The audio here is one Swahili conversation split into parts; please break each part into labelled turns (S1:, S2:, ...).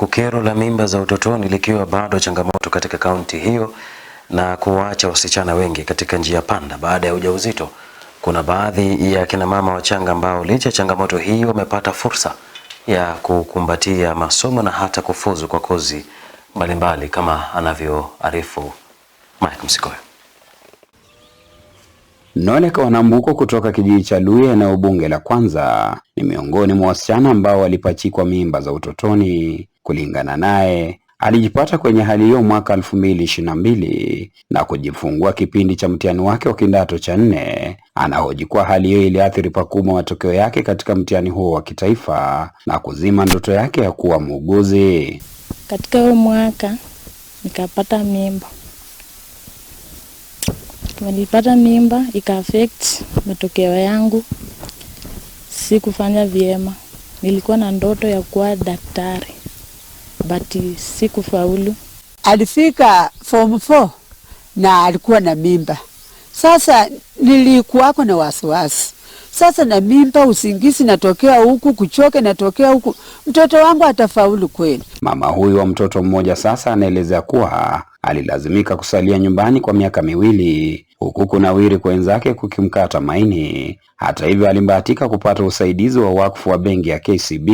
S1: Kukero la mimba za utotoni likiwa bado changamoto katika kaunti hiyo na kuwaacha wasichana wengi katika njia panda baada ya ujauzito. Kuna baadhi ya kina mama wachanga ambao licha ya changamoto hii wamepata fursa ya kukumbatia masomo na hata kufuzu kwa kozi mbalimbali kama anavyoarifu Mike Msikoyo. Noneka Wanambuko kutoka kijiji cha Luya eneo bunge la Kwanza ni miongoni mwa wasichana ambao walipachikwa mimba za utotoni Kulingana naye, alijipata kwenye hali hiyo mwaka 2022 na kujifungua kipindi cha mtihani wake wa kidato cha nne. Anahoji kuwa hali hiyo iliathiri pakubwa matokeo yake katika mtihani huo wa kitaifa na kuzima ndoto yake ya kuwa muuguzi.
S2: Katika huo mwaka nikapata mimba, nilipata mimba ika affect matokeo yangu, sikufanya vyema. Nilikuwa na ndoto ya kuwa daktari but sikufaulu.
S3: Alifika form 4 na alikuwa na mimba. Sasa nilikuwako na wasiwasi sasa, na mimba, usingizi natokea huku, kuchoke natokea huku, mtoto wangu atafaulu kweli?
S1: Mama huyu wa mtoto mmoja sasa anaelezea kuwa alilazimika kusalia nyumbani kwa miaka miwili huku kunawiri kwenzake kukimkata maini. Hata hivyo, alibahatika kupata usaidizi wa wakfu wa benki ya KCB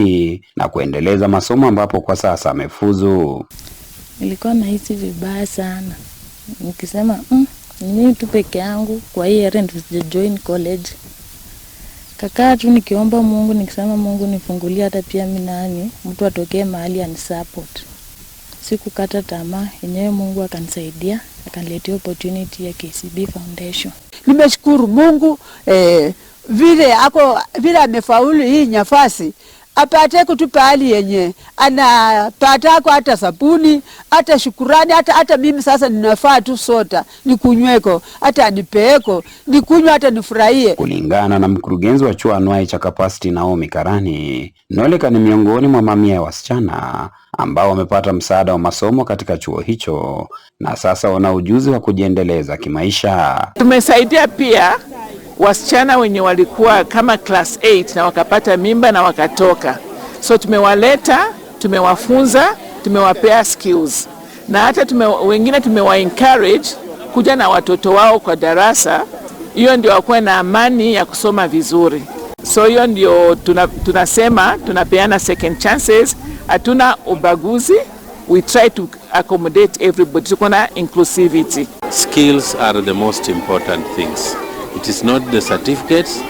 S1: na kuendeleza masomo ambapo kwa sasa amefuzu.
S2: Nilikuwa nahisi vibaya sana nikisema mm, ni mimi tu peke yangu kwa hii errand sijajoin college. Kakaa tu nikiomba Mungu nikisema Mungu nifungulie hata pia mimi nani mtu atokee mahali anisupport. Sikukata tamaa, yenyewe Mungu akanisaidia akaniletea opportunity ya KCB Foundation.
S3: Nimeshukuru Mungu eh, vile ako vile amefaulu hii nafasi apate kutupa hali yenye anapatako, hata sabuni, hata shukurani, hata hata mimi sasa ninafaa tu sota nikunyweko, hata nipeeko, nikunywa, hata nifurahie.
S1: Kulingana na mkurugenzi wa chuo anuai cha Kapasiti Naomi Karani, Noleka ni miongoni mwa mamia ya wasichana ambao wamepata msaada wa masomo katika chuo hicho na sasa wana ujuzi wa kujiendeleza kimaisha.
S4: Tumesaidia pia wasichana wenye walikuwa kama class 8 na wakapata mimba na wakatoka. So tumewaleta, tumewafunza, tumewapea skills na hata tume, wengine tumewa encourage kuja na watoto wao kwa darasa, hiyo ndio wakuwe na amani ya kusoma vizuri. So hiyo ndio tuna, tunasema tunapeana second chances, hatuna ubaguzi, we try to accommodate everybody, tuko na inclusivity.
S5: Skills are the most important things. It is not the certificates.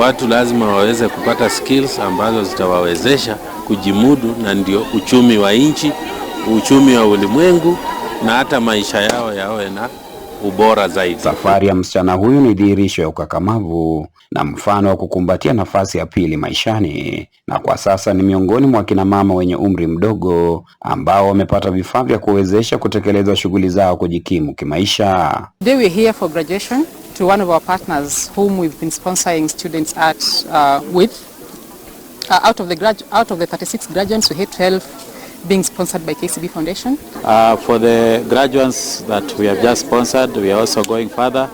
S5: Watu lazima waweze kupata skills ambazo zitawawezesha kujimudu, na ndio uchumi wa nchi, uchumi wa ulimwengu, na hata maisha yao yawe na ubora zaidi.
S1: Safari ya msichana huyu ni dhihirisho ya ukakamavu na mfano wa kukumbatia nafasi ya pili maishani, na kwa sasa ni miongoni mwa kina mama wenye umri mdogo ambao wamepata vifaa vya kuwezesha kutekeleza shughuli zao kujikimu kimaisha.
S6: were here for graduation to one of our partners whom we've been sponsoring students at uh, with uh, out of the grad out of the 36 graduates we had 12 being sponsored by KCB Foundation.
S7: Uh, for the graduates that we have just sponsored, we are also going further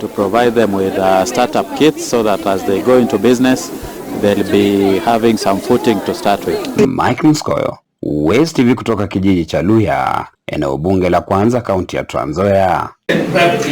S7: to provide them with uh, startup kits so that as they go into business, they'll be having some footing to start with.
S1: Mike Mskoyo, West TV kutoka kijiji cha Luya, eneo bunge la Kwanza, kaunti ya Trans Nzoia.